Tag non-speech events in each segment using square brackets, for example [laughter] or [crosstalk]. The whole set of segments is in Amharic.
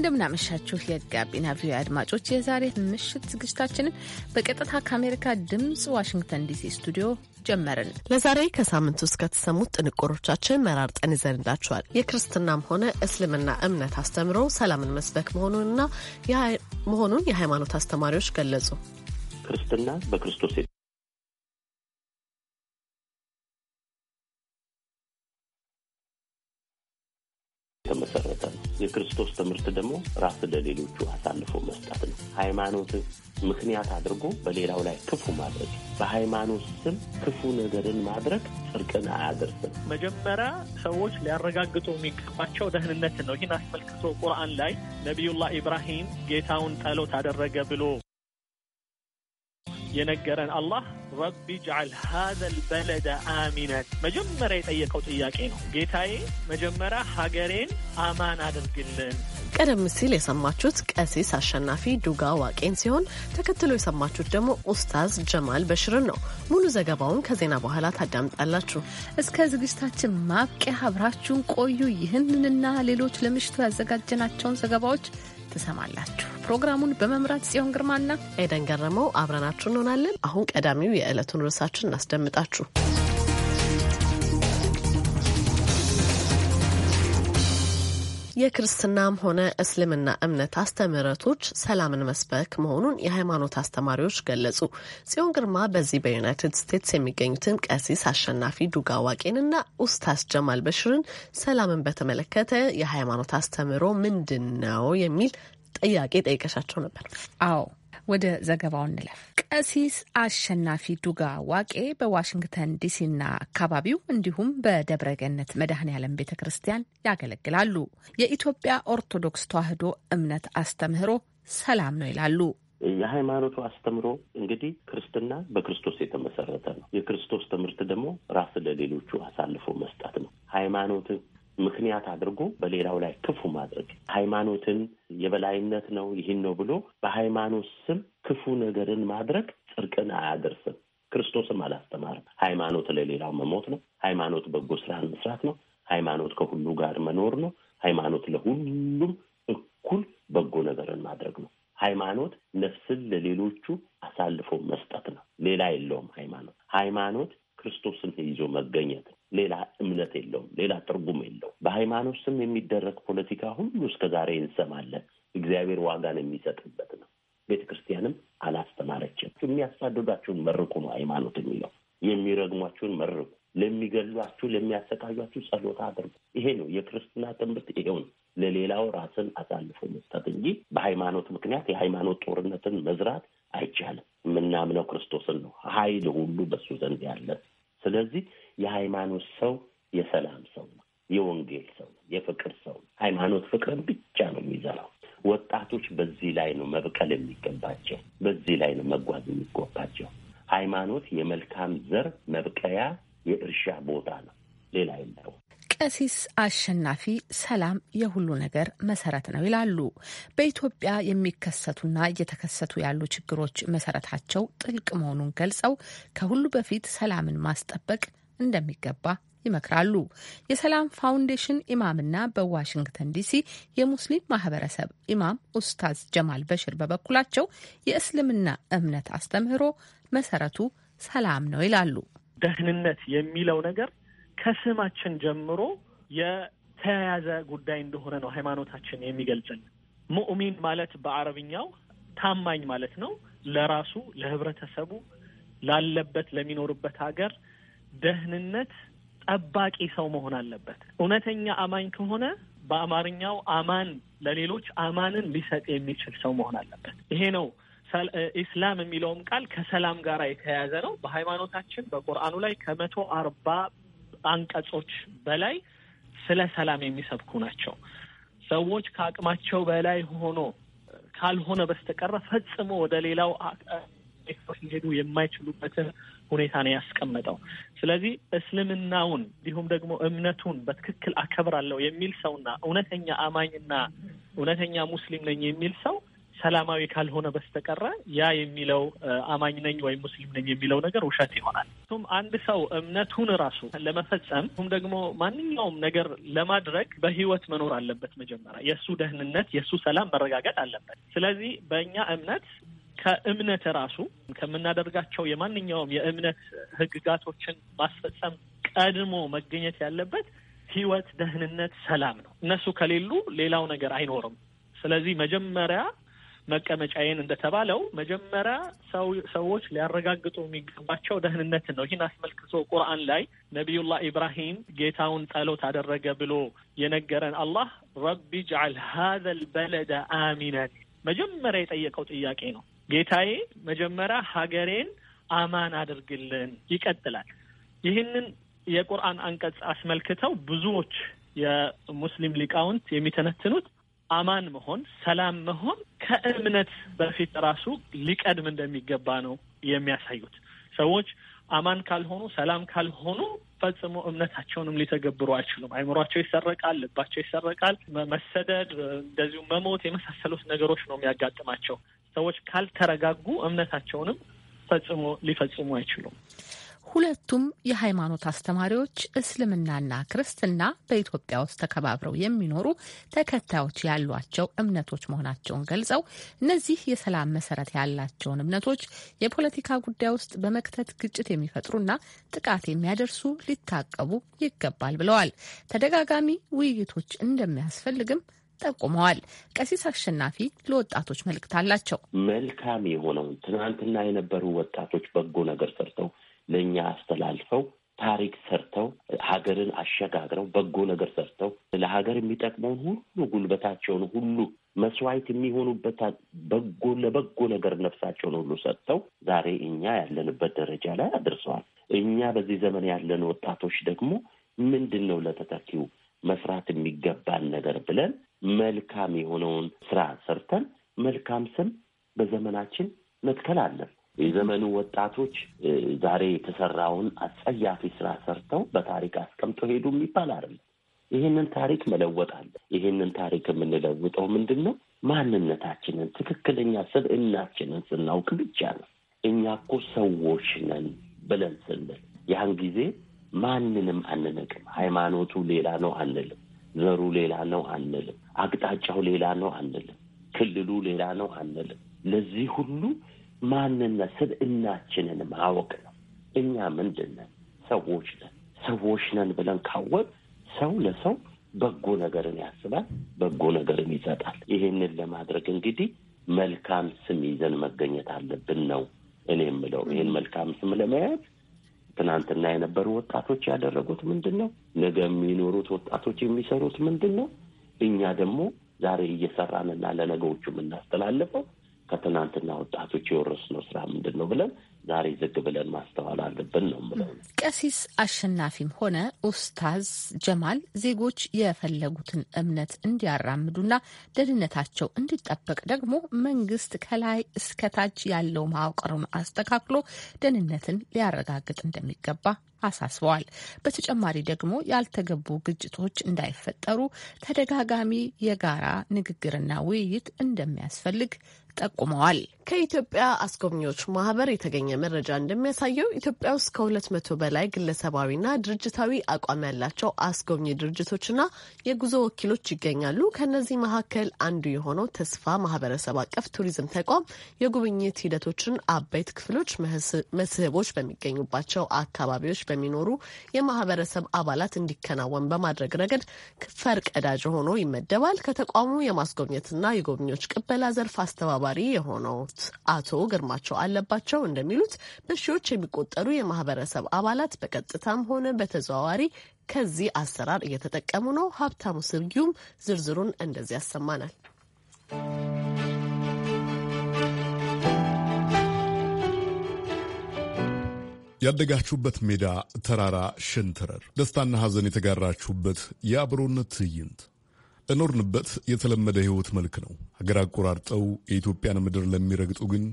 እንደምናመሻችሁ የጋቢና ቪዮ አድማጮች፣ የዛሬ ምሽት ዝግጅታችንን በቀጥታ ከአሜሪካ ድምፅ ዋሽንግተን ዲሲ ስቱዲዮ ጀመርን። ለዛሬ ከሳምንት ውስጥ ከተሰሙት ጥንቅሮቻችን መራርጠን ይዘንላችኋል። የክርስትናም ሆነ እስልምና እምነት አስተምሮ ሰላምን መስበክ መሆኑንና መሆኑን የሃይማኖት አስተማሪዎች ገለጹ። ክርስትና በክርስቶስ የክርስቶስ ትምህርት ደግሞ ራስ ለሌሎቹ አሳልፎ መስጠት ነው። ሃይማኖት ምክንያት አድርጎ በሌላው ላይ ክፉ ማድረግ፣ በሃይማኖት ስም ክፉ ነገርን ማድረግ ጽድቅን አያደርስም። መጀመሪያ ሰዎች ሊያረጋግጡ የሚገባቸው ደህንነትን ነው። ይህን አስመልክቶ ቁርአን ላይ ነቢዩላህ ኢብራሂም ጌታውን ጠሎት አደረገ ብሎ የነገረን አላህ ረቢ ጅዓል ሀዘል በለደ አሚነን መጀመሪያ የጠየቀው ጥያቄ ነው። ጌታዬ መጀመሪያ ሀገሬን አማን አድርግልን። ቀደም ሲል የሰማችሁት ቀሲስ አሸናፊ ዱጋ ዋቄን ሲሆን ተከትሎ የሰማችሁት ደግሞ ኡስታዝ ጀማል በሽርን ነው። ሙሉ ዘገባውን ከዜና በኋላ ታዳምጣላችሁ። እስከ ዝግጅታችን ማብቂያ አብራችሁን ቆዩ። ይህንንና ሌሎች ለምሽቱ ያዘጋጀናቸውን ዘገባዎች ትሰማላችሁ። ፕሮግራሙን በመምራት ጽዮን ግርማና ኤደን ገረመው አብረናችሁ እንሆናለን። አሁን ቀዳሚው የዕለቱን ርዕሳችን እናስደምጣችሁ። የክርስትናም ሆነ እስልምና እምነት አስተምህረቶች ሰላምን መስበክ መሆኑን የሃይማኖት አስተማሪዎች ገለጹ። ጽዮን ግርማ በዚህ በዩናይትድ ስቴትስ የሚገኙትን ቀሲስ አሸናፊ ዱጋ ዋቄንና ኡስታስ ጀማል በሽርን ሰላምን በተመለከተ የሃይማኖት አስተምህሮ ምንድን ነው የሚል ጥያቄ ጠይቀሻቸው ነበር። አዎ ወደ ዘገባው እንለፍ። ቀሲስ አሸናፊ ዱጋ ዋቄ በዋሽንግተን ዲሲና አካባቢው እንዲሁም በደብረገነት ገነት መድኃኔ ዓለም ቤተ ክርስቲያን ያገለግላሉ። የኢትዮጵያ ኦርቶዶክስ ተዋሕዶ እምነት አስተምህሮ ሰላም ነው ይላሉ። የሃይማኖቱ አስተምሮ እንግዲህ ክርስትና በክርስቶስ የተመሰረተ ነው። የክርስቶስ ትምህርት ደግሞ ራስ ለሌሎቹ አሳልፎ መስጠት ነው። ሃይማኖት ምክንያት አድርጎ በሌላው ላይ ክፉ ማድረግ ሃይማኖትን የበላይነት ነው ይህን ነው ብሎ በሃይማኖት ስም ክፉ ነገርን ማድረግ ጽድቅን አያደርስም። ክርስቶስም አላስተማርም። ሃይማኖት ለሌላው መሞት ነው። ሃይማኖት በጎ ስራን መስራት ነው። ሃይማኖት ከሁሉ ጋር መኖር ነው። ሃይማኖት ለሁሉም እኩል በጎ ነገርን ማድረግ ነው። ሃይማኖት ነፍስን ለሌሎቹ አሳልፎ መስጠት ነው። ሌላ የለውም። ሃይማኖት ሃይማኖት ክርስቶስን ይዞ መገኘት ነው። ሌላ እምነት የለውም፣ ሌላ ትርጉም የለውም። በሃይማኖት ስም የሚደረግ ፖለቲካ ሁሉ እስከ ዛሬ እንሰማለን። እግዚአብሔር ዋጋን የሚሰጥበት ነው። ቤተ ክርስቲያንም አላስተማረችም። የሚያሳድዷችሁን መርቁ ነው ሃይማኖት የሚለው። የሚረግሟችሁን መርቁ፣ ለሚገሏችሁ፣ ለሚያሰቃዩችሁ ጸሎታ አድርጉ። ይሄ ነው የክርስትና ትምህርት። ይሄው ነው ለሌላው ራስን አሳልፎ መስጠት እንጂ በሃይማኖት ምክንያት የሃይማኖት ጦርነትን መዝራት አይቻልም። የምናምነው ክርስቶስን ነው። ኃይል ሁሉ በሱ ዘንድ ያለ ስለዚህ የሃይማኖት ሰው የሰላም ሰው ነው፣ የወንጌል ሰው ነው፣ የፍቅር ሰው ነው። ሃይማኖት ፍቅርን ብቻ ነው የሚዘራው። ወጣቶች በዚህ ላይ ነው መብቀል የሚገባቸው፣ በዚህ ላይ ነው መጓዝ የሚገባቸው። ሃይማኖት የመልካም ዘር መብቀያ የእርሻ ቦታ ነው፣ ሌላ የለውም። ቀሲስ አሸናፊ ሰላም የሁሉ ነገር መሰረት ነው ይላሉ። በኢትዮጵያ የሚከሰቱና እየተከሰቱ ያሉ ችግሮች መሰረታቸው ጥልቅ መሆኑን ገልጸው ከሁሉ በፊት ሰላምን ማስጠበቅ እንደሚገባ ይመክራሉ። የሰላም ፋውንዴሽን ኢማምና በዋሽንግተን ዲሲ የሙስሊም ማህበረሰብ ኢማም ኡስታዝ ጀማል በሽር በበኩላቸው የእስልምና እምነት አስተምህሮ መሰረቱ ሰላም ነው ይላሉ። ደህንነት የሚለው ነገር ከስማችን ጀምሮ የተያያዘ ጉዳይ እንደሆነ ነው ሃይማኖታችን የሚገልጽን። ሙእሚን ማለት በአረብኛው ታማኝ ማለት ነው። ለራሱ ለህብረተሰቡ ላለበት ለሚኖርበት ሀገር ደህንነት ጠባቂ ሰው መሆን አለበት። እውነተኛ አማኝ ከሆነ በአማርኛው አማን ለሌሎች አማንን ሊሰጥ የሚችል ሰው መሆን አለበት። ይሄ ነው ኢስላም የሚለውም ቃል ከሰላም ጋር የተያያዘ ነው። በሃይማኖታችን በቁርአኑ ላይ ከመቶ አርባ አንቀጾች በላይ ስለ ሰላም የሚሰብኩ ናቸው። ሰዎች ከአቅማቸው በላይ ሆኖ ካልሆነ በስተቀረ ፈጽሞ ወደ ሌላው ሊሄዱ የማይችሉበትን ሁኔታ ነው ያስቀመጠው። ስለዚህ እስልምናውን እንዲሁም ደግሞ እምነቱን በትክክል አከብራለሁ የሚል ሰውና እውነተኛ አማኝና እውነተኛ ሙስሊም ነኝ የሚል ሰው ሰላማዊ ካልሆነ በስተቀረ ያ የሚለው አማኝ ነኝ ወይም ሙስሊም ነኝ የሚለው ነገር ውሸት ይሆናል። ቱም አንድ ሰው እምነቱን ራሱ ለመፈጸም ቱም ደግሞ ማንኛውም ነገር ለማድረግ በህይወት መኖር አለበት። መጀመሪያ የእሱ ደህንነት፣ የእሱ ሰላም መረጋገጥ አለበት። ስለዚህ በእኛ እምነት ከእምነት ራሱ ከምናደርጋቸው የማንኛውም የእምነት ህግጋቶችን ማስፈጸም ቀድሞ መገኘት ያለበት ህይወት፣ ደህንነት፣ ሰላም ነው። እነሱ ከሌሉ ሌላው ነገር አይኖርም። ስለዚህ መጀመሪያ መቀመጫዬን እንደተባለው መጀመሪያ ሰዎች ሊያረጋግጡ የሚገባቸው ደህንነትን ነው። ይህን አስመልክቶ ቁርአን ላይ ነቢዩላህ ኢብራሂም ጌታውን ጸሎት አደረገ ብሎ የነገረን አላህ ረቢ ጅዓል ሀዘል በለደ አሚነን መጀመሪያ የጠየቀው ጥያቄ ነው። ጌታዬ መጀመሪያ ሀገሬን አማን አድርግልን ይቀጥላል። ይህንን የቁርአን አንቀጽ አስመልክተው ብዙዎች የሙስሊም ሊቃውንት የሚተነትኑት አማን መሆን ሰላም መሆን ከእምነት በፊት ራሱ ሊቀድም እንደሚገባ ነው የሚያሳዩት። ሰዎች አማን ካልሆኑ፣ ሰላም ካልሆኑ ፈጽሞ እምነታቸውንም ሊተገብሩ አይችሉም። አይምሯቸው ይሰረቃል፣ ልባቸው ይሰረቃል። መሰደድ እንደዚሁም መሞት የመሳሰሉት ነገሮች ነው የሚያጋጥማቸው። ሰዎች ካልተረጋጉ እምነታቸውንም ፈጽሞ ሊፈጽሙ አይችሉም። ሁለቱም የሃይማኖት አስተማሪዎች እስልምናና ክርስትና በኢትዮጵያ ውስጥ ተከባብረው የሚኖሩ ተከታዮች ያሏቸው እምነቶች መሆናቸውን ገልጸው እነዚህ የሰላም መሰረት ያላቸውን እምነቶች የፖለቲካ ጉዳይ ውስጥ በመክተት ግጭት የሚፈጥሩና ጥቃት የሚያደርሱ ሊታቀቡ ይገባል ብለዋል። ተደጋጋሚ ውይይቶች እንደሚያስፈልግም ጠቁመዋል። ቀሲስ አሸናፊ ለወጣቶች መልእክት አላቸው። መልካም የሆነውን ትናንትና የነበሩ ወጣቶች በጎ ነገር ሰርተው ለእኛ አስተላልፈው ታሪክ ሰርተው ሀገርን አሸጋግረው በጎ ነገር ሰርተው ለሀገር የሚጠቅመውን ሁሉ ጉልበታቸውን ሁሉ መስዋዕት የሚሆኑበት በጎ ለበጎ ነገር ነፍሳቸውን ሁሉ ሰጥተው ዛሬ እኛ ያለንበት ደረጃ ላይ አድርሰዋል። እኛ በዚህ ዘመን ያለን ወጣቶች ደግሞ ምንድን ነው ለተተኪው መስራት የሚገባን ነገር ብለን መልካም የሆነውን ስራ ሰርተን መልካም ስም በዘመናችን መትከል አለን። የዘመኑ ወጣቶች ዛሬ የተሰራውን አጸያፊ ስራ ሰርተው በታሪክ አስቀምጦ ሄዱ የሚባል አይደለም። ይህንን ታሪክ መለወጥ አለ። ይህንን ታሪክ የምንለውጠው ምንድን ነው? ማንነታችንን፣ ትክክለኛ ስብዕናችንን ስናውቅ ብቻ ነው። እኛ እኮ ሰዎች ነን ብለን ስንል ያን ጊዜ ማንንም አንነቅም። ሃይማኖቱ ሌላ ነው አንልም። ዘሩ ሌላ ነው አንልም። አቅጣጫው ሌላ ነው አንልም። ክልሉ ሌላ ነው አንልም። ለዚህ ሁሉ ማንነት ስብዕናችንን ማወቅ ነው። እኛ ምንድን ነን? ሰዎች ነን። ሰዎች ነን ብለን ካወቅ ሰው ለሰው በጎ ነገርን ያስባል፣ በጎ ነገርን ይሰጣል። ይሄንን ለማድረግ እንግዲህ መልካም ስም ይዘን መገኘት አለብን ነው እኔ የምለው። ይህን መልካም ስም ለመያዝ ትናንትና የነበሩ ወጣቶች ያደረጉት ምንድን ነው? ነገ የሚኖሩት ወጣቶች የሚሰሩት ምንድን ነው? እኛ ደግሞ ዛሬ እየሰራንና ለነገዎቹ የምናስተላልፈው ከትናንትና ወጣቶች የወረስነው ስራ ምንድን ነው ብለን ዛሬ ዝግ ብለን ማስተዋል አለብን ነው ምለው። ቀሲስ አሸናፊም ሆነ ኡስታዝ ጀማል ዜጎች የፈለጉትን እምነት እንዲያራምዱና ደህንነታቸው እንዲጠበቅ ደግሞ መንግስት ከላይ እስከታች ያለው መዋቅሩን አስተካክሎ ደህንነትን ሊያረጋግጥ እንደሚገባ አሳስበዋል። በተጨማሪ ደግሞ ያልተገቡ ግጭቶች እንዳይፈጠሩ ተደጋጋሚ የጋራ ንግግርና ውይይት እንደሚያስፈልግ ጠቁመዋል። ከኢትዮጵያ አስጎብኚዎች ማህበር የተገኘ መረጃ እንደሚያሳየው ኢትዮጵያ ውስጥ ከሁለት መቶ በላይ ግለሰባዊና ድርጅታዊ አቋም ያላቸው አስጎብኚ ድርጅቶችና የጉዞ ወኪሎች ይገኛሉ። ከእነዚህ መካከል አንዱ የሆነው ተስፋ ማህበረሰብ አቀፍ ቱሪዝም ተቋም የጉብኝት ሂደቶችን አበይት ክፍሎች፣ መስህቦች በሚገኙባቸው አካባቢዎች በሚኖሩ የማህበረሰብ አባላት እንዲከናወን በማድረግ ረገድ ፈርቀዳጅ ሆኖ ይመደባል። ከተቋሙ የማስጎብኘትና የጎብኚዎች ቅበላ ዘርፍ አስተባባሪ አስተባባሪ የሆኑት አቶ ግርማቸው አለባቸው እንደሚሉት በሺዎች የሚቆጠሩ የማህበረሰብ አባላት በቀጥታም ሆነ በተዘዋዋሪ ከዚህ አሰራር እየተጠቀሙ ነው። ሀብታሙ ስዩም ዝርዝሩን እንደዚህ ያሰማናል። ያደጋችሁበት ሜዳ፣ ተራራ፣ ሸንተረር፣ ደስታና ሐዘን የተጋራችሁበት የአብሮነት ትዕይንት በኖርንበት የተለመደ ህይወት መልክ ነው። ሀገር አቆራርጠው የኢትዮጵያን ምድር ለሚረግጡ ግን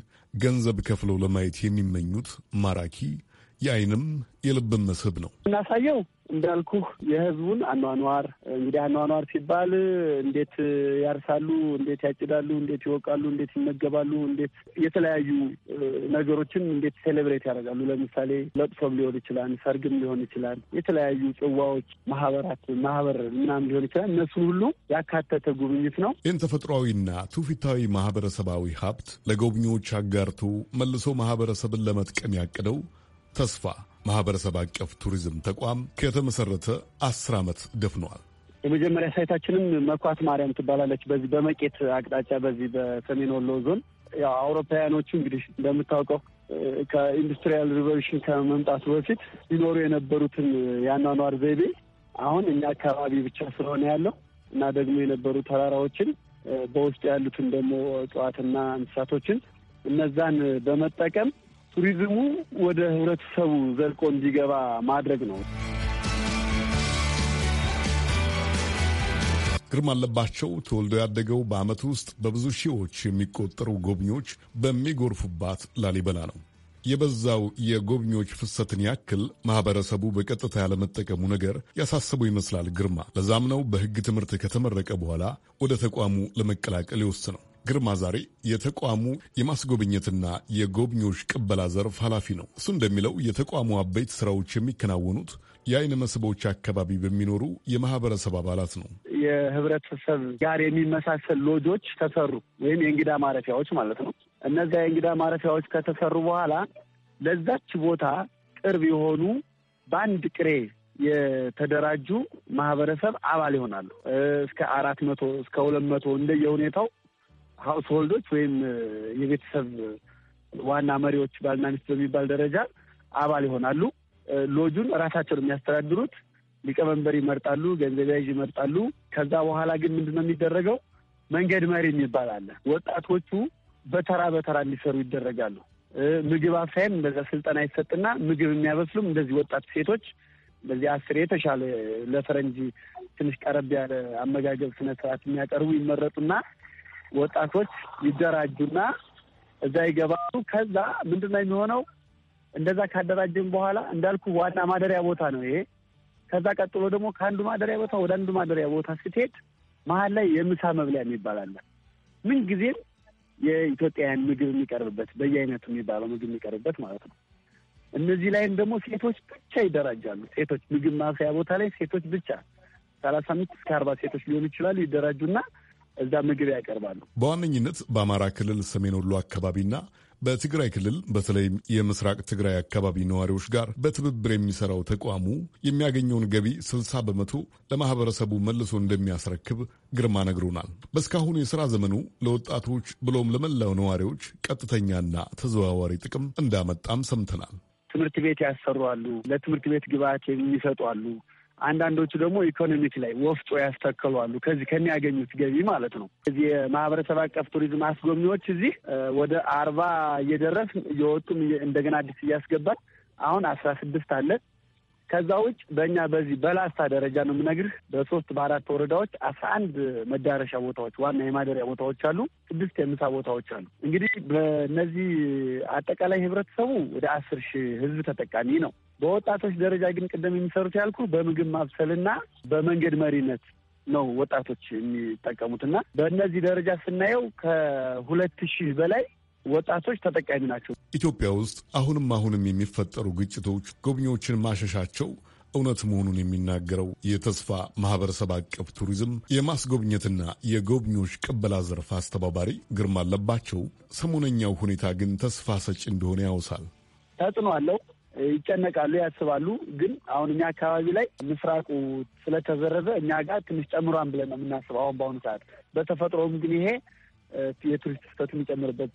ገንዘብ ከፍለው ለማየት የሚመኙት ማራኪ የአይንም የልብም መስህብ ነው። እናሳየው እንዳልኩ የህዝቡን አኗኗር እንግዲህ አኗኗር ሲባል እንዴት ያርሳሉ፣ እንዴት ያጭዳሉ፣ እንዴት ይወቃሉ፣ እንዴት ይመገባሉ፣ እንዴት የተለያዩ ነገሮችን እንዴት ሴሌብሬት ያደርጋሉ። ለምሳሌ ለቅሶም ሊሆን ይችላል፣ ሰርግም ሊሆን ይችላል፣ የተለያዩ ጽዋዎች፣ ማህበራት፣ ማህበር ምናምን ሊሆን ይችላል። እነሱን ሁሉ ያካተተ ጉብኝት ነው። ይህን ተፈጥሯዊና ትውፊታዊ ማህበረሰባዊ ሀብት ለጎብኚዎች አጋርቶ መልሶ ማህበረሰብን ለመጥቀም ያቅደው ተስፋ ማህበረሰብ አቀፍ ቱሪዝም ተቋም ከተመሰረተ አስር ዓመት ደፍነዋል። የመጀመሪያ ሳይታችንም መኳት ማርያም ትባላለች። በዚህ በመቄት አቅጣጫ በዚህ በሰሜን ወሎ ዞን ያው አውሮፓውያኖቹ እንግዲህ እንደምታውቀው ከኢንዱስትሪያል ሪቨሉሽን ከመምጣቱ በፊት ሊኖሩ የነበሩትን የአኗኗር ዘይቤ አሁን እኛ አካባቢ ብቻ ስለሆነ ያለው እና ደግሞ የነበሩ ተራራዎችን በውስጡ ያሉትን ደግሞ እጽዋትና እንስሳቶችን እነዛን በመጠቀም ቱሪዝሙ ወደ ህብረተሰቡ ዘልቆ እንዲገባ ማድረግ ነው። ግርማ አለባቸው ተወልዶ ያደገው በዓመት ውስጥ በብዙ ሺዎች የሚቆጠሩ ጎብኚዎች በሚጎርፉባት ላሊበላ ነው። የበዛው የጎብኚዎች ፍሰትን ያክል ማህበረሰቡ በቀጥታ ያለመጠቀሙ ነገር ያሳሰቡ ይመስላል ግርማ። ለዛም ነው በሕግ ትምህርት ከተመረቀ በኋላ ወደ ተቋሙ ለመቀላቀል ነው። ግርማ ዛሬ የተቋሙ የማስጎብኘትና የጎብኚዎች ቅበላ ዘርፍ ኃላፊ ነው። እሱ እንደሚለው የተቋሙ አበይት ስራዎች የሚከናወኑት የአይን መስህቦች አካባቢ በሚኖሩ የማህበረሰብ አባላት ነው። የህብረተሰብ ጋር የሚመሳሰል ሎጆች ተሰሩ ወይም የእንግዳ ማረፊያዎች ማለት ነው። እነዚያ የእንግዳ ማረፊያዎች ከተሰሩ በኋላ ለዛች ቦታ ቅርብ የሆኑ በአንድ ቅሬ የተደራጁ ማህበረሰብ አባል ይሆናሉ። እስከ አራት መቶ እስከ ሁለት መቶ እንደየሁኔታው ሀውስሆልዶች ወይም የቤተሰብ ዋና መሪዎች ባልና ሚስት በሚባል ደረጃ አባል ይሆናሉ። ሎጁን ራሳቸውን የሚያስተዳድሩት ሊቀመንበር ይመርጣሉ፣ ገንዘብ ያዥ ይመርጣሉ። ከዛ በኋላ ግን ምንድነው ነው የሚደረገው? መንገድ መሪ የሚባል አለ። ወጣቶቹ በተራ በተራ እንዲሰሩ ይደረጋሉ። ምግብ አፍሳይም እንደዛ ስልጠና ይሰጥና ምግብ የሚያበስሉም እንደዚህ ወጣት ሴቶች በዚህ አስር የተሻለ ለፈረንጅ ትንሽ ቀረብ ያለ አመጋገብ ስነስርዓት የሚያቀርቡ ይመረጡና ወጣቶች ይደራጁና እዛ ይገባሉ። ከዛ ምንድን ነው የሚሆነው? እንደዛ ካደራጀን በኋላ እንዳልኩ ዋና ማደሪያ ቦታ ነው ይሄ። ከዛ ቀጥሎ ደግሞ ከአንዱ ማደሪያ ቦታ ወደ አንዱ ማደሪያ ቦታ ስትሄድ መሀል ላይ የምሳ መብለያ የሚባል አለ። ምን የኢትዮጵያውያን ምግብ የሚቀርብበት በየአይነቱ የሚባለው ምግብ የሚቀርብበት ማለት ነው። እነዚህ ላይም ደግሞ ሴቶች ብቻ ይደራጃሉ። ሴቶች ምግብ ማብሰያ ቦታ ላይ ሴቶች ብቻ ሰላሳ አምስት እስከ አርባ ሴቶች ሊሆኑ ይችላሉ። ይደራጁና እዛ ምግብ ያቀርባሉ። በዋነኝነት በአማራ ክልል ሰሜን ወሎ አካባቢና በትግራይ ክልል በተለይም የምስራቅ ትግራይ አካባቢ ነዋሪዎች ጋር በትብብር የሚሰራው ተቋሙ የሚያገኘውን ገቢ 60 በመቶ ለማህበረሰቡ መልሶ እንደሚያስረክብ ግርማ ነግሮናል። በእስካሁኑ የሥራ ዘመኑ ለወጣቶች ብሎም ለመላው ነዋሪዎች ቀጥተኛና ተዘዋዋሪ ጥቅም እንዳመጣም ሰምተናል። ትምህርት ቤት ያሰሩ አሉ። ለትምህርት ቤት ግብዓት የሚሰጡ አሉ። አንዳንዶቹ ደግሞ ኢኮኖሚክ ላይ ወፍጮ ያስተከሏሉ ከዚህ ከሚያገኙት ገቢ ማለት ነው። እዚህ የማህበረሰብ አቀፍ ቱሪዝም አስጎብኚዎች እዚህ ወደ አርባ እየደረስ እየወጡም እንደገና አዲስ እያስገባል አሁን አስራ ስድስት አለ ከዛ ውጭ በእኛ በዚህ በላስታ ደረጃ ነው የምነግርህ። በሶስት በአራት ወረዳዎች አስራ አንድ መዳረሻ ቦታዎች ዋና የማደሪያ ቦታዎች አሉ። ስድስት የምሳ ቦታዎች አሉ። እንግዲህ በእነዚህ አጠቃላይ ህብረተሰቡ ወደ አስር ሺህ ህዝብ ተጠቃሚ ነው። በወጣቶች ደረጃ ግን ቅደም የሚሰሩት ያልኩ በምግብ ማብሰልና በመንገድ መሪነት ነው ወጣቶች የሚጠቀሙት እና በእነዚህ ደረጃ ስናየው ከሁለት ሺህ በላይ ወጣቶች ተጠቃሚ ናቸው። ኢትዮጵያ ውስጥ አሁንም አሁንም የሚፈጠሩ ግጭቶች ጎብኚዎችን ማሸሻቸው እውነት መሆኑን የሚናገረው የተስፋ ማህበረሰብ አቀፍ ቱሪዝም የማስጎብኘትና የጎብኚዎች ቅበላ ዘርፍ አስተባባሪ ግርማ አለባቸው፣ ሰሞነኛው ሁኔታ ግን ተስፋ ሰጪ እንደሆነ ያውሳል። ተጽዕኖ አለው። ይጨነቃሉ፣ ያስባሉ። ግን አሁን እኛ አካባቢ ላይ ምስራቁ ስለተዘረዘ እኛ ጋር ትንሽ ጨምሯን ብለን ነው የምናስበው አሁን በአሁኑ ሰዓት። በተፈጥሮም ግን ይሄ የቱሪስት ፍሰቱ የሚጨምርበት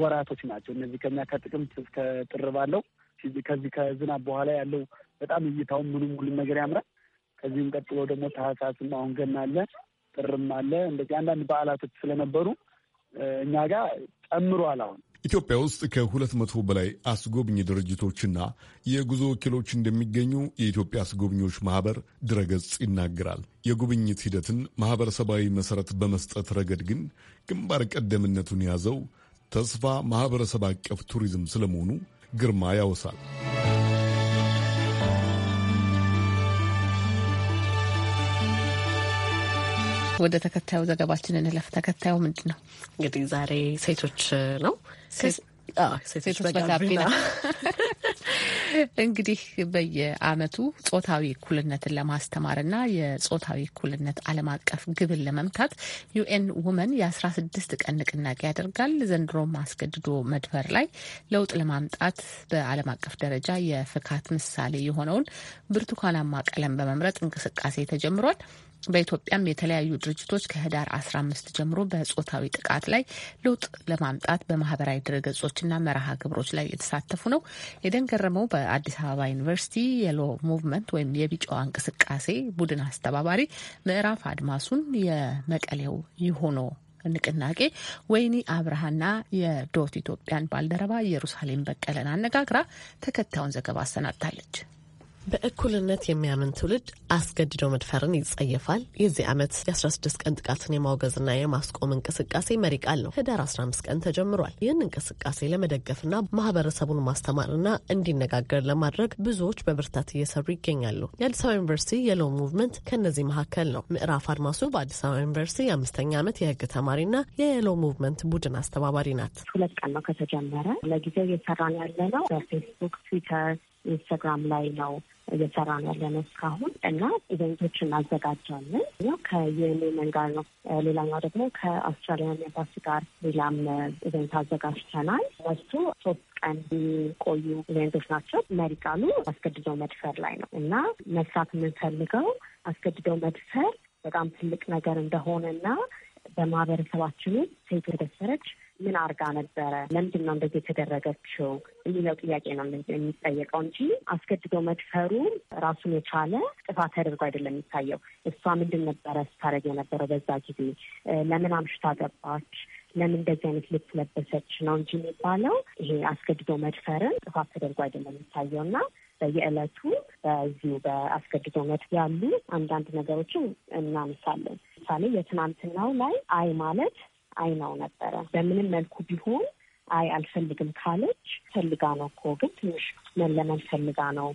ወራቶች ናቸው። እነዚህ ከኛ ከጥቅምት እስከ ጥር ባለው ከዚህ ከዝናብ በኋላ ያለው በጣም እይታውን ምኑም ሁሉም ነገር ያምራል። ከዚህም ቀጥሎ ደግሞ ታህሳስም አሁን ገና አለ፣ ጥርም አለ። እንደዚህ አንዳንድ በዓላቶች ስለነበሩ እኛ ጋር ጨምሯል። አሁን ኢትዮጵያ ውስጥ ከሁለት መቶ በላይ አስጎብኝ ድርጅቶችና የጉዞ ወኪሎች እንደሚገኙ የኢትዮጵያ አስጎብኚዎች ማህበር ድረገጽ ይናገራል። የጉብኝት ሂደትን ማህበረሰባዊ መሰረት በመስጠት ረገድ ግን ግንባር ቀደምነቱን የያዘው ተስፋ ማህበረሰብ አቀፍ ቱሪዝም ስለመሆኑ ግርማ ያወሳል። ወደ ተከታዩ ዘገባችን እንለፍ። ተከታዩ ምንድን ነው? እንግዲህ ዛሬ ሴቶች ነው ሴቶች በጋቢና [laughs] እንግዲህ በየአመቱ ጾታዊ እኩልነትን ለማስተማርና የጾታዊ እኩልነት ዓለም አቀፍ ግብን ለመምታት ዩኤን ውመን የ16 ቀን ንቅናቄ ያደርጋል። ዘንድሮም አስገድዶ መድፈር ላይ ለውጥ ለማምጣት በዓለም አቀፍ ደረጃ የፍካት ምሳሌ የሆነውን ብርቱካናማ ቀለም በመምረጥ እንቅስቃሴ ተጀምሯል። በኢትዮጵያም የተለያዩ ድርጅቶች ከህዳር 15 ጀምሮ በጾታዊ ጥቃት ላይ ለውጥ ለማምጣት በማህበራዊ ድረገጾችና መርሃ ግብሮች ላይ የተሳተፉ ነው። የደንገረመው በአዲስ አበባ ዩኒቨርሲቲ የሎ ሙቭመንት ወይም የቢጫዋ እንቅስቃሴ ቡድን አስተባባሪ ምዕራፍ አድማሱን የመቀሌው ይሆኖ ንቅናቄ ወይኒ አብርሃና የዶት ኢትዮጵያን ባልደረባ ኢየሩሳሌም በቀለን አነጋግራ ተከታዩን ዘገባ አሰናድታለች። በእኩልነት የሚያምን ትውልድ አስገድዶ መድፈርን ይጸየፋል። የዚህ ዓመት የ16 ቀን ጥቃትን የማውገዝና የማስቆም እንቅስቃሴ መሪ ቃል ነው። ህዳር 15 ቀን ተጀምሯል። ይህን እንቅስቃሴ ለመደገፍና ማህበረሰቡን ማስተማርና እንዲነጋገር ለማድረግ ብዙዎች በብርታት እየሰሩ ይገኛሉ። የአዲስ አበባ ዩኒቨርሲቲ የሎ ሙቭመንት ከእነዚህ መካከል ነው። ምዕራፍ አድማሱ በአዲስ አበባ ዩኒቨርሲቲ የአምስተኛ ዓመት የህግ ተማሪና የሎ ሙቭመንት ቡድን አስተባባሪ ናት። ሁለት ቀን ነው ከተጀመረ። ለጊዜው እየሰራ ያለ ነው። በፌስቡክ፣ ትዊተር፣ ኢንስታግራም ላይ ነው እየሰራ ነው ያለነው እስካሁን እና ኢቨንቶች እናዘጋጃለን። ያው ከዩኤንኤም ጋር ነው። ሌላኛው ደግሞ ከአውስትራሊያን ኤምባሲ ጋር ሌላም ኢቨንት አዘጋጅተናል። እሱ ሶስት ቀን የሚቆዩ ኢቨንቶች ናቸው። መሪ ቃሉ አስገድደው መድፈር ላይ ነው እና መስራት የምንፈልገው አስገድደው መድፈር በጣም ትልቅ ነገር እንደሆነና በማህበረሰባችን ሴት ደፈረች ምን አርጋ ነበረ? ለምንድን ነው እንደዚህ የተደረገችው? የሚለው ጥያቄ ነው የሚጠየቀው እንጂ አስገድዶ መድፈሩ ራሱን የቻለ ጥፋት ተደርጎ አይደለም የሚታየው። እሷ ምንድን ነበረ ስታደርግ የነበረው በዛ ጊዜ? ለምን አምሽታ ገባች? ለምን እንደዚህ አይነት ልብስ ለበሰች ነው እንጂ የሚባለው ይሄ አስገድዶ መድፈርን ጥፋት ተደርጎ አይደለም የሚታየው እና በየዕለቱ በዚሁ በአስገድዶ መድፈር ያሉ አንዳንድ ነገሮችን እናነሳለን። ለምሳሌ የትናንትናው ላይ አይ ማለት ነው ነበረ። በምንም መልኩ ቢሆን አይ አልፈልግም ካለች ፈልጋ ነው እኮ ግን ትንሽ መለመን ፈልጋ ነው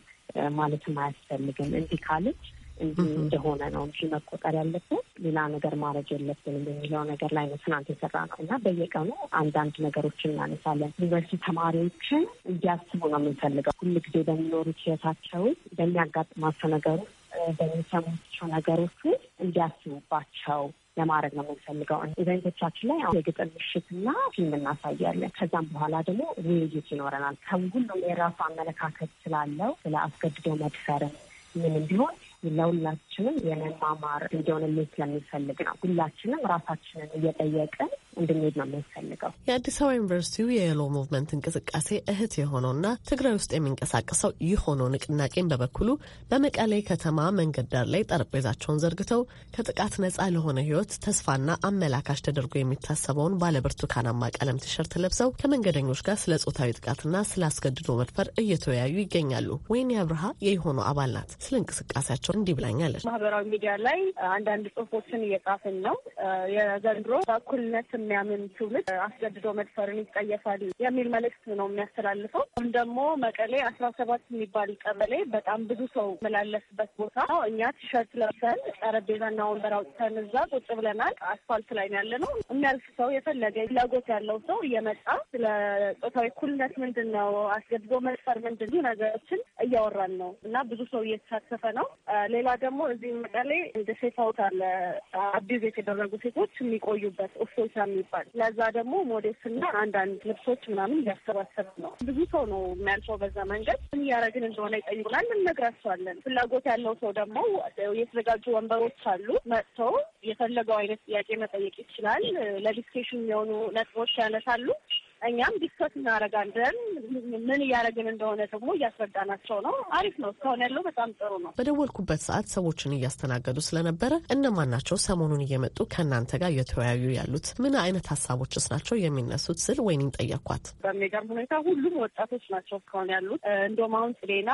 ማለትም አያስፈልግም። እንዲህ ካለች እንዲህ እንደሆነ ነው እንጂ መቆጠር ያለበት ሌላ ነገር ማድረግ የለብንም የሚለው ነገር ላይ ነው ትናንት የሰራ ነው እና በየቀኑ አንዳንድ ነገሮችን እናነሳለን። ዩኒቨርሲቲ ተማሪዎችን እንዲያስቡ ነው የምንፈልገው። ሁሉ ጊዜ በሚኖሩት ህይወታቸው በሚያጋጥማቸው ነገሮች በሚሰሙቸው ነገሮች እንዲያስቡባቸው ለማድረግ ነው የምንፈልገው። ኢቨንቶቻችን ላይ አሁን የግጥም ምሽትና ፊልም እናሳያለን። ከዛም በኋላ ደግሞ ውይይት ይኖረናል። ከሁሉም የራሱ አመለካከት ስላለው ስለ አስገድዶ መድፈርም ምን እንዲሆን ለሁላችንም የመማማር እንዲሆን የሚል ስለሚፈልግ ነው። ሁላችንም ራሳችንን እየጠየቅን እንድንሄድ ነው የምንፈልገው። የአዲስ አበባ ዩኒቨርሲቲው የየሎ ሙቭመንት እንቅስቃሴ እህት የሆነውና ትግራይ ውስጥ የሚንቀሳቀሰው የሆነው ንቅናቄን በበኩሉ በመቀሌ ከተማ መንገድ ዳር ላይ ጠረጴዛቸውን ዘርግተው ከጥቃት ነጻ ለሆነ ህይወት ተስፋና አመላካሽ ተደርጎ የሚታሰበውን ባለብርቱካናማ ቀለም ቲሸርት ለብሰው ከመንገደኞች ጋር ስለ ጾታዊ ጥቃትና ስለ አስገድዶ መድፈር እየተወያዩ ይገኛሉ። ወይኔ አብርሃ የሆኑ አባል ናት። ስለ እንቅስቃሴያቸው እንዲህ ብላኛለች። ማህበራዊ ሚዲያ ላይ አንዳንድ ጽሁፎችን እየጻፍን ነው። የዘንድሮ በእኩልነት የሚያምን ትውልድ አስገድዶ መድፈርን ይጠየፋል የሚል መልእክት ነው የሚያስተላልፈው። አሁን ደግሞ መቀሌ አስራ ሰባት የሚባል ቀበሌ በጣም ብዙ ሰው መላለስበት ቦታ እኛ ቲሸርት ለብሰን ጠረጴዛና ወንበር አውጥተን እዛ ቁጭ ብለናል። አስፋልት ላይ ያለ ነው። የሚያልፍ ሰው የፈለገ ፍላጎት ያለው ሰው እየመጣ ስለ ጾታዊ እኩልነት ምንድን ነው አስገድዶ መድፈር ምንድን ነገሮችን እያወራን ነው እና ብዙ ሰው እየተሳተፈ ነው። ሌላ ደግሞ እዚህ መቀሌ እንደ ሴፍ አውት አለ አቢዝ የተደረጉ ሴቶች የሚቆዩበት ኦፍሶሻ የሚባል ለዛ ደግሞ ሞዴስና አንዳንድ ልብሶች ምናምን እያሰባሰብ ነው። ብዙ ሰው ነው የሚያልፈው በዛ መንገድ። ምን እያደረግን እንደሆነ ይጠይቁናል፣ እንነግራቸዋለን። ፍላጎት ያለው ሰው ደግሞ የተዘጋጁ ወንበሮች አሉ። መጥተው የፈለገው አይነት ጥያቄ መጠየቅ ይችላል። ለዲስኬሽን የሚሆኑ ነጥቦች ያነሳሉ። እኛም ዲስከስ እናደርጋለን። ምን እያደረግን እንደሆነ ደግሞ እያስረዳናቸው ነው። አሪፍ ነው። እስካሁን ያለው በጣም ጥሩ ነው። በደወልኩበት ሰዓት ሰዎችን እያስተናገዱ ስለነበረ እነማን ናቸው ሰሞኑን እየመጡ ከእናንተ ጋር እየተወያዩ ያሉት? ምን አይነት ሀሳቦችስ ናቸው የሚነሱት ስል ወይኒን ጠየኳት። በሚገርም ሁኔታ ሁሉም ወጣቶች ናቸው እስካሁን ያሉት። እንደውም አሁን ጽሌና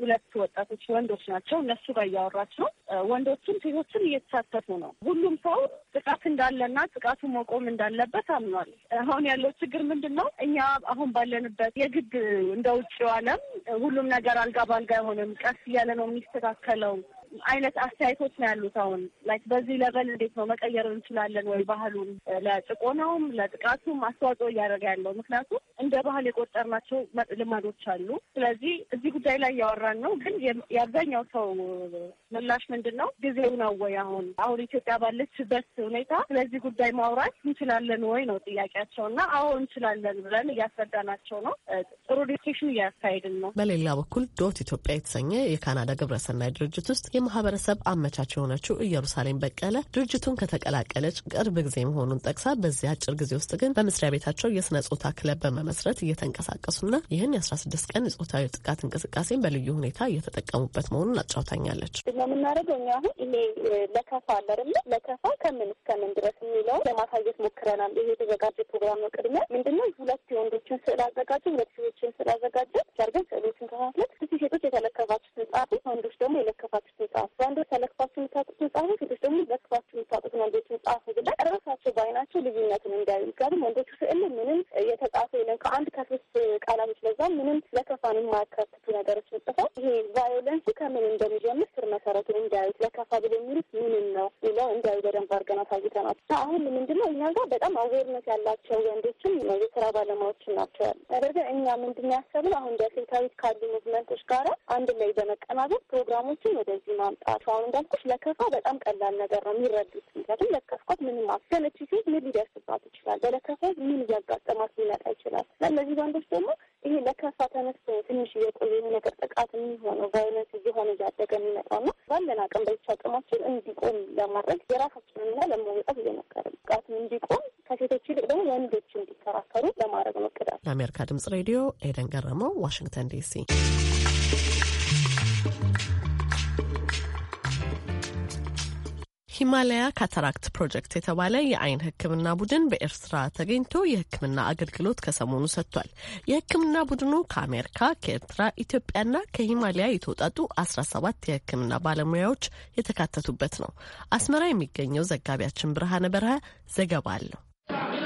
ሁለት ወጣቶች ወንዶች ናቸው። እነሱ ጋር እያወራች ነው። ወንዶችም ሴቶችም እየተሳተፉ ነው። ሁሉም ሰው ጥቃት እንዳለና ጥቃቱ መቆም እንዳለበት አምኗል። አሁን ያለው ችግር ምን ምንድን ነው እኛ አሁን ባለንበት የግድ እንደ ውጭው ዓለም ሁሉም ነገር አልጋ ባልጋ አይሆንም። ቀስ እያለ ነው የሚስተካከለው አይነት አስተያየቶች ነው ያሉት። አሁን ላይክ በዚህ ለበል እንዴት ነው መቀየር እንችላለን ወይ ባህሉን ለጭቆናውም ለጥቃቱም አስተዋጽኦ እያደረገ ያለው ምክንያቱም እንደ ባህል የቆጠርናቸው ልማዶች አሉ። ስለዚህ እዚህ ጉዳይ ላይ እያወራን ነው። ግን የአብዛኛው ሰው ምላሽ ምንድን ነው? ጊዜው ነው ወይ አሁን አሁን ኢትዮጵያ ባለችበት ሁኔታ ስለዚህ ጉዳይ ማውራት እንችላለን ወይ ነው ጥያቄያቸው እና አዎ እንችላለን ብለን እያስረዳናቸው ነው። ጥሩ ዲስክሽን እያካሄድን ነው። በሌላ በኩል ዶት ኢትዮጵያ የተሰኘ የካናዳ ግብረሰናይ ድርጅት ውስጥ የማህበረሰብ አመቻች የሆነችው ኢየሩሳሌም በቀለ ድርጅቱን ከተቀላቀለች ቅርብ ጊዜ መሆኑን ጠቅሳ በዚህ አጭር ጊዜ ውስጥ ግን በመስሪያ ቤታቸው የስነ ጾታ ክለብ በመመስረት እየተንቀሳቀሱና ይህን የ16 ቀን የጾታዊ ጥቃት እንቅስቃሴን በልዩ ሁኔታ እየተጠቀሙበት መሆኑን አጫውታኛለች። የምናደርገው እኛ አሁን ይሄ ለከፋ አለ አይደለ? ለከፋ ከምን እስከምን ድረስ የሚለው ለማሳየት ሞክረናል። ይሄ የተዘጋጀ ፕሮግራም ነው። ቅድሚያ ምንድነው ሁለት የወንዶችን ስዕል አዘጋጀ፣ ሁለት ሴቶችን ስዕል አዘጋጀ። ዳርገን ስዕሎችን ከፋፍለት ሴቶች የተለከፋችሁትን ጻፉ፣ ወንዶች ደግሞ የለከፋችሁትን ጻፉ፣ አንዱ ተለክፋችሁ የምታውቁትን ጻፉ፣ ሴቶች ደግሞ ለክፋችሁ የምታውቁትን ወንዶችን ጻፉ ብለን ራሳቸው በአይናቸው ልዩነቱን እንዲያዩ። ምክንያቱም ወንዶቹ ስዕል ምንም የተጻፈ የለም ከአንድ ከሶስት ቃላቶች ለዛ ምንም ለከፋን የማያካትቱ ነገሮች ጽፈው ይሄ ቫዮለንሱ ከምን እንደሚጀምር ስር መሰረቱ እንዲያዩት ለከፋ ብሎ የሚሉት ምንም ነው ብለው እንዲያዩ በደንብ አድርገን አሳይተናል። አሁን ምንድነው እኛ ጋር በጣም አዌርነት ያላቸው ወንዶችም የስራ ባለሙያዎችን ናቸው ያሉ። ነገር ግን እኛ ምንድን ያሰብን አሁን ደሴታዊት ካሉ ሙቭመንቶች ጋራ አንድ ላይ በመቀናበር ፕሮግራሞችን ወደዚህ ማምጣቱ አሁን እንዳልኩሽ ለከፋ በጣም ቀላል ነገር ነው የሚረዱት። ምክንያቱም ለከፍኳት ምንም አስገለች ሴት ምን ሊደርስባት ይችላል? በለከፋ ምን እያጋጠማት ሊመጣ ይችላል? እና እነዚህ ባንዶች ደግሞ ይሄ ለከፋ ተነስቶ ትንሽ እየቆየ ነገር ጥቃት የሚሆነው ቫይለንስ እየሆነ እያደገ የሚመጣው ነው። ባለን አቅም በቻ አቅማችን እንዲቆም ለማድረግ የራሳችንን ና ለመወጣት እየሞከረ ጥቃት እንዲቆም ከሴቶች ይልቅ ደግሞ ወንዶች እንዲከራከሩ ለማድረግ ነው ቅዳል የአሜሪካ ድምጽ ሬዲዮ ኤደን ገረመው፣ ዋሽንግተን ዲሲ Thank you. ሂማላያ ካታራክት ፕሮጀክት የተባለ የአይን ሕክምና ቡድን በኤርትራ ተገኝቶ የሕክምና አገልግሎት ከሰሞኑ ሰጥቷል። የሕክምና ቡድኑ ከአሜሪካ፣ ከኤርትራ፣ ኢትዮጵያና ከሂማሊያ የተውጣጡ 17 የሕክምና ባለሙያዎች የተካተቱበት ነው። አስመራ የሚገኘው ዘጋቢያችን ብርሃነ በረሀ ዘገባ አለው።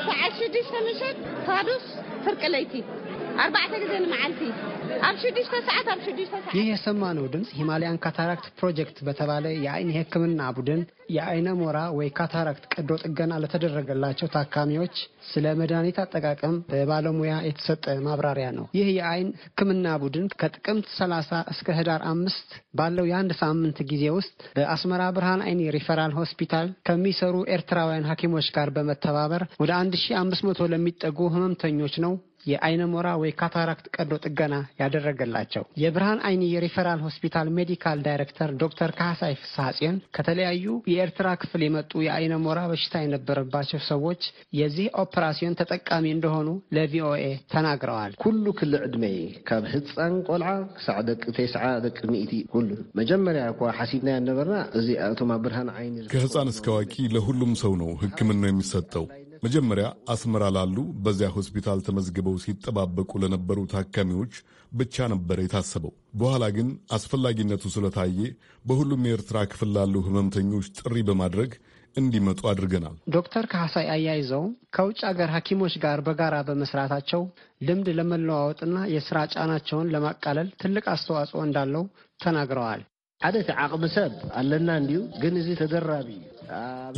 በዓል ሽዱሽተ ምሽት ፋዱስ ፍርቅ ለይቲ ይህ የሰማነው ድምፅ ሂማሊያን ካታራክት ፕሮጀክት በተባለ የአይን የሕክምና ቡድን የአይነ ሞራ ወይ ካታራክት ቀዶ ጥገና ለተደረገላቸው ታካሚዎች ስለ መድኃኒት አጠቃቀም በባለሙያ የተሰጠ ማብራሪያ ነው። ይህ የአይን ሕክምና ቡድን ከጥቅምት 30 እስከ ህዳር አምስት ባለው የአንድ ሳምንት ጊዜ ውስጥ በአስመራ ብርሃን አይን ሪፈራል ሆስፒታል ከሚሰሩ ኤርትራውያን ሐኪሞች ጋር በመተባበር ወደ 1500 ለሚጠጉ ህመምተኞች ነው የአይነ ሞራ ወይ ካታራክት ቀዶ ጥገና ያደረገላቸው የብርሃን አይኒ የሪፈራል ሆስፒታል ሜዲካል ዳይሬክተር ዶክተር ካህሳይ ፍስሐጽዮን ከተለያዩ የኤርትራ ክፍል የመጡ የአይነ ሞራ በሽታ የነበረባቸው ሰዎች የዚህ ኦፕራሲዮን ተጠቃሚ እንደሆኑ ለቪኦኤ ተናግረዋል። ኩሉ ክል ዕድሜ ካብ ህፃን ቆልዓ ክሳዕ ደቂ ተስዓ ደቂ ሚእቲ ኩሉ መጀመርያ እኳ ሓሲብና ያነበርና እዚ ኣቶም ኣብ ብርሃን ዓይኒ ከህፃን እስከ አዋቂ ለሁሉም ሰው ነው ህክምና የሚሰጠው መጀመሪያ አስመራ ላሉ በዚያ ሆስፒታል ተመዝግበው ሲጠባበቁ ለነበሩ ታካሚዎች ብቻ ነበረ የታሰበው። በኋላ ግን አስፈላጊነቱ ስለታየ በሁሉም የኤርትራ ክፍል ላሉ ህመምተኞች ጥሪ በማድረግ እንዲመጡ አድርገናል። ዶክተር ካሳይ አያይዘው ከውጭ ሀገር ሐኪሞች ጋር በጋራ በመስራታቸው ልምድ ለመለዋወጥና የስራ ጫናቸውን ለማቃለል ትልቅ አስተዋጽኦ እንዳለው ተናግረዋል። ሓደ እቲ ሰብ ኣለና እንዲሁ ግን እዚ ተደራቢ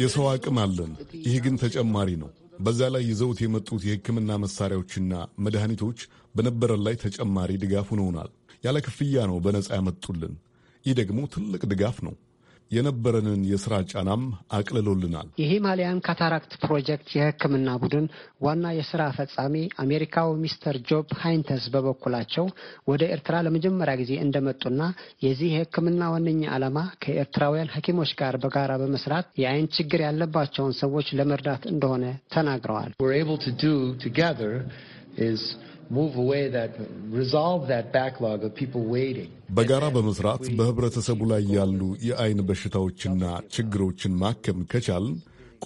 የሰው አቅም አለን። ይህ ግን ተጨማሪ ነው። በዛ ላይ ይዘውት የመጡት የሕክምና መሳሪያዎችና መድኃኒቶች በነበረን ላይ ተጨማሪ ድጋፍ ሆነውናል። ያለ ክፍያ ነው በነጻ ያመጡልን። ይህ ደግሞ ትልቅ ድጋፍ ነው። የነበረንን የስራ ጫናም አቅልሎልናል። የሂማሊያን ካታራክት ፕሮጀክት የሕክምና ቡድን ዋና የስራ ፈጻሚ አሜሪካው ሚስተር ጆብ ሃይንተስ በበኩላቸው ወደ ኤርትራ ለመጀመሪያ ጊዜ እንደመጡና የዚህ የሕክምና ዋነኛ ዓላማ ከኤርትራውያን ሐኪሞች ጋር በጋራ በመስራት የአይን ችግር ያለባቸውን ሰዎች ለመርዳት እንደሆነ ተናግረዋል። በጋራ በመስራት በህብረተሰቡ ላይ ያሉ የአይን በሽታዎችና ችግሮችን ማከም ከቻልን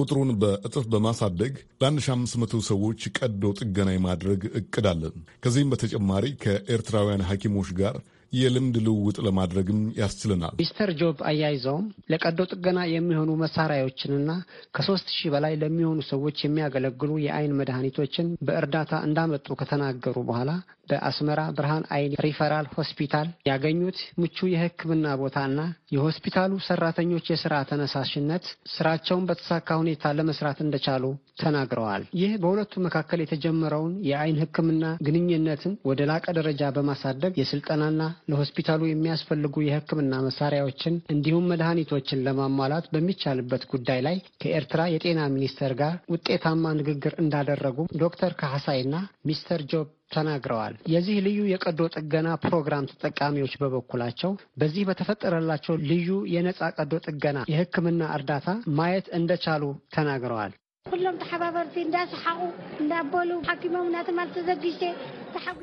ቁጥሩን በእጥፍ በማሳደግ ለ1500 ሰዎች ቀዶ ጥገና የማድረግ እቅድ አለን። ከዚህም በተጨማሪ ከኤርትራውያን ሐኪሞች ጋር የልምድ ልውውጥ ለማድረግም ያስችለናል። ሚስተር ጆብ አያይዘውም ለቀዶ ጥገና የሚሆኑ መሳሪያዎችንና ከሶስት ሺህ በላይ ለሚሆኑ ሰዎች የሚያገለግሉ የአይን መድኃኒቶችን በእርዳታ እንዳመጡ ከተናገሩ በኋላ በአስመራ ብርሃን አይን ሪፈራል ሆስፒታል ያገኙት ምቹ የሕክምና ቦታና የሆስፒታሉ ሰራተኞች የስራ ተነሳሽነት ስራቸውን በተሳካ ሁኔታ ለመስራት እንደቻሉ ተናግረዋል። ይህ በሁለቱ መካከል የተጀመረውን የአይን ሕክምና ግንኙነትን ወደ ላቀ ደረጃ በማሳደግ የስልጠናና ለሆስፒታሉ የሚያስፈልጉ የሕክምና መሳሪያዎችን እንዲሁም መድኃኒቶችን ለማሟላት በሚቻልበት ጉዳይ ላይ ከኤርትራ የጤና ሚኒስቴር ጋር ውጤታማ ንግግር እንዳደረጉ ዶክተር ካህሳይና ሚስተር ጆብ ተናግረዋል። የዚህ ልዩ የቀዶ ጥገና ፕሮግራም ተጠቃሚዎች በበኩላቸው በዚህ በተፈጠረላቸው ልዩ የነጻ ቀዶ ጥገና የሕክምና እርዳታ ማየት እንደቻሉ ተናግረዋል። ሁሉም ተሓባበርቲ እንዳሰሓቁ እንዳበሉ ሓኪሞም እናተማልተዘጊሸ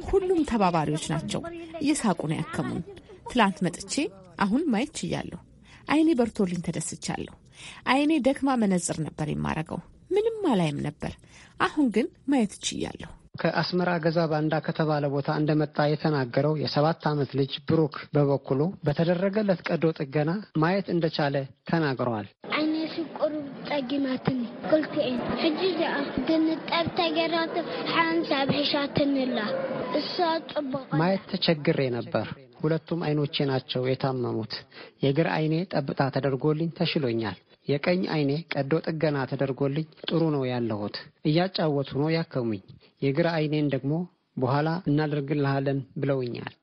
ሁሉም ተባባሪዎች ናቸው። እየሳቁ ነው ያከሙን። ትላንት መጥቼ አሁን ማየት ችያለሁ። አይኔ በርቶልኝ ተደስቻለሁ። አይኔ ደክማ መነጽር ነበር የማረገው ምንም አላይም ነበር። አሁን ግን ማየት ችያለሁ። ከአስመራ ገዛ ባንዳ ከተባለ ቦታ እንደመጣ የተናገረው የሰባት ዓመት ልጅ ብሩክ በበኩሉ በተደረገለት ቀዶ ጥገና ማየት እንደቻለ ተናግረዋል። ስቁር ሕጂ ዚኣ ግንጠብ ተገራት ሓንሳብ እሳ ማየት ተቸግሬ ነበር። ሁለቱም አይኖቼ ናቸው የታመሙት። የግር አይኔ ጠብታ ተደርጎልኝ ተሽሎኛል። የቀኝ አይኔ ቀዶ ጥገና ተደርጎልኝ ጥሩ ነው ያለሁት። እያጫወቱ ነው ያከሙኝ። የግራ አይኔን ደግሞ በኋላ እናደርግልሃለን ብለውኛል።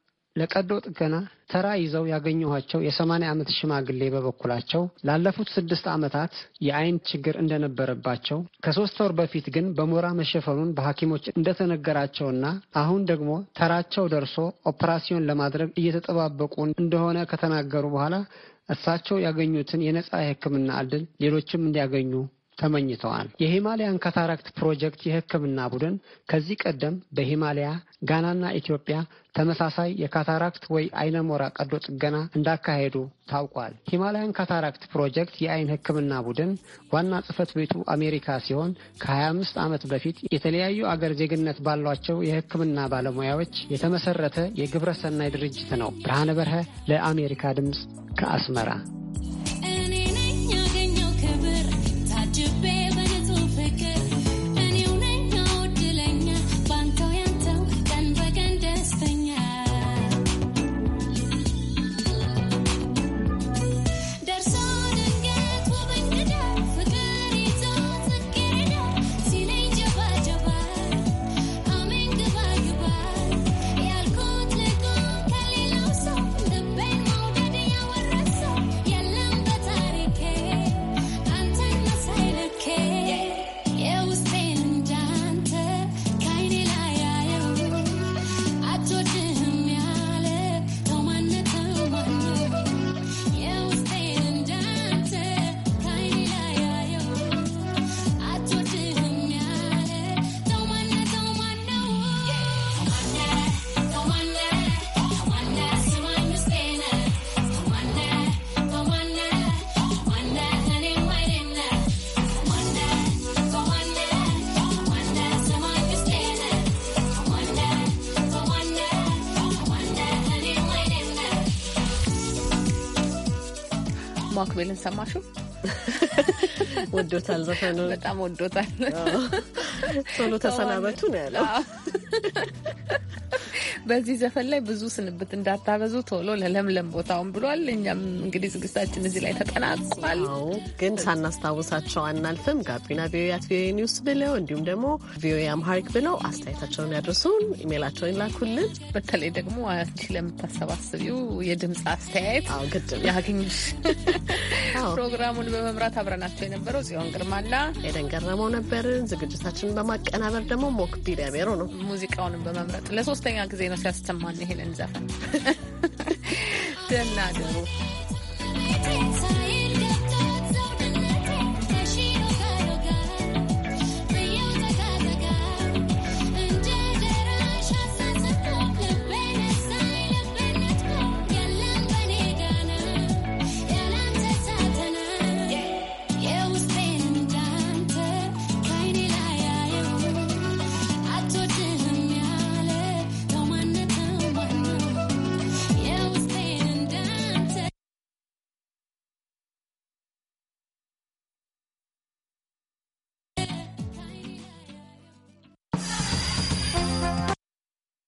ለቀዶ ጥገና ተራ ይዘው ያገኘኋቸው የሰማንያ ዓመት ሽማግሌ በበኩላቸው ላለፉት ስድስት ዓመታት የአይን ችግር እንደነበረባቸው ከሶስት ወር በፊት ግን በሞራ መሸፈኑን በሐኪሞች እንደተነገራቸውና አሁን ደግሞ ተራቸው ደርሶ ኦፕራሲዮን ለማድረግ እየተጠባበቁ እንደሆነ ከተናገሩ በኋላ እርሳቸው ያገኙትን የነጻ የሕክምና እድል ሌሎችም እንዲያገኙ ተመኝተዋል። የሂማሊያን ካታራክት ፕሮጀክት የሕክምና ቡድን ከዚህ ቀደም በሂማሊያ ጋናና ኢትዮጵያ ተመሳሳይ የካታራክት ወይ አይነ ሞራ ቀዶ ጥገና እንዳካሄዱ ታውቋል። ሂማላያን ካታራክት ፕሮጀክት የአይን ህክምና ቡድን ዋና ጽህፈት ቤቱ አሜሪካ ሲሆን ከ25 ዓመት በፊት የተለያዩ አገር ዜግነት ባሏቸው የህክምና ባለሙያዎች የተመሰረተ የግብረ ሰናይ ድርጅት ነው። ብርሃነ በርሀ ለአሜሪካ ድምፅ ከአስመራ ሞክቤልን ሰማሹ? [laughs] ወዶታል፣ ዘፈኑ በጣም ወዶታል። ቶሎ ተሰናበቱ ነው ያለው። በዚህ ዘፈን ላይ ብዙ ስንብት እንዳታበዙ ቶሎ ለለምለም ቦታውን ብሏል። እኛም እንግዲህ ዝግጅታችን እዚህ ላይ ተጠናቋል። ግን ሳናስታውሳቸው አናልፍም። ጋቢና ቪኦኤ አት ቪኦኤ ኒውስ ብለው እንዲሁም ደግሞ ቪኦኤ አምሃሪክ ብለው አስተያየታቸውን ያደርሱን፣ ኢሜላቸውን ይላኩልን። በተለይ ደግሞ አንቺ ለምታሰባስቢው የድምፅ አስተያየት ግድ ያገኝሽ [laughs] ፕሮግራሙን በመምራት አብረናቸው የነበረው ጽዮን ግርማላ፣ ኤደን ገረመው ነበር ዝግጅታችንን በማቀናበር ደግሞ ሞክቢል ያቤሮ ነው። ሙዚቃውንም በመምረጥ ለሶስተኛ ጊዜ ነው ሲያስተማን ይህንን ዘፈን [laughs] ደናደሩ